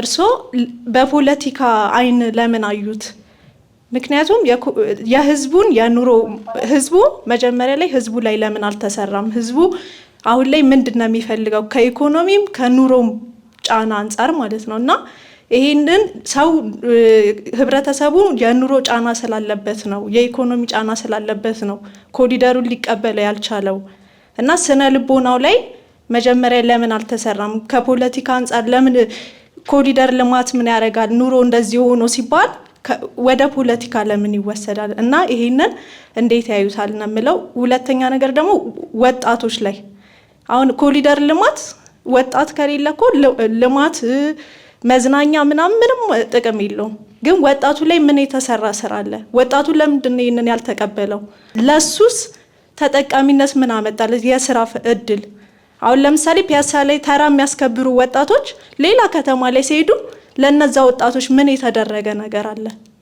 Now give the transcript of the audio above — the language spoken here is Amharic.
እርስዎ በፖለቲካ አይን ለምን አዩት? ምክንያቱም የህዝቡን የኑሮ ህዝቡ መጀመሪያ ላይ ህዝቡ ላይ ለምን አልተሰራም? ህዝቡ አሁን ላይ ምንድን ነው የሚፈልገው? ከኢኮኖሚም ከኑሮም ጫና አንጻር ማለት ነው እና ይህንን ሰው ህብረተሰቡ የኑሮ ጫና ስላለበት ነው፣ የኢኮኖሚ ጫና ስላለበት ነው ኮሪደሩን ሊቀበለ ያልቻለው እና ስነ ልቦናው ላይ መጀመሪያ ለምን አልተሰራም? ከፖለቲካ አንጻር ለምን ኮሪደር ልማት ምን ያደርጋል ኑሮ እንደዚህ ሆኖ ሲባል ወደ ፖለቲካ ለምን ይወሰዳል? እና ይሄንን እንዴት ያዩታል ነው የምለው። ሁለተኛ ነገር ደግሞ ወጣቶች ላይ አሁን ኮሪደር ልማት ወጣት ከሌለ እኮ ልማት መዝናኛ ምናምን ምንም ጥቅም የለውም። ግን ወጣቱ ላይ ምን የተሰራ ስራ አለ? ወጣቱ ለምንድን ነው ይህንን ያልተቀበለው? ለሱስ ተጠቃሚነት ምን አመጣለት? የስራ እድል አሁን ለምሳሌ ፒያሳ ላይ ተራ የሚያስከብሩ ወጣቶች ሌላ ከተማ ላይ ሲሄዱ ለነዛ ወጣቶች ምን የተደረገ ነገር አለ?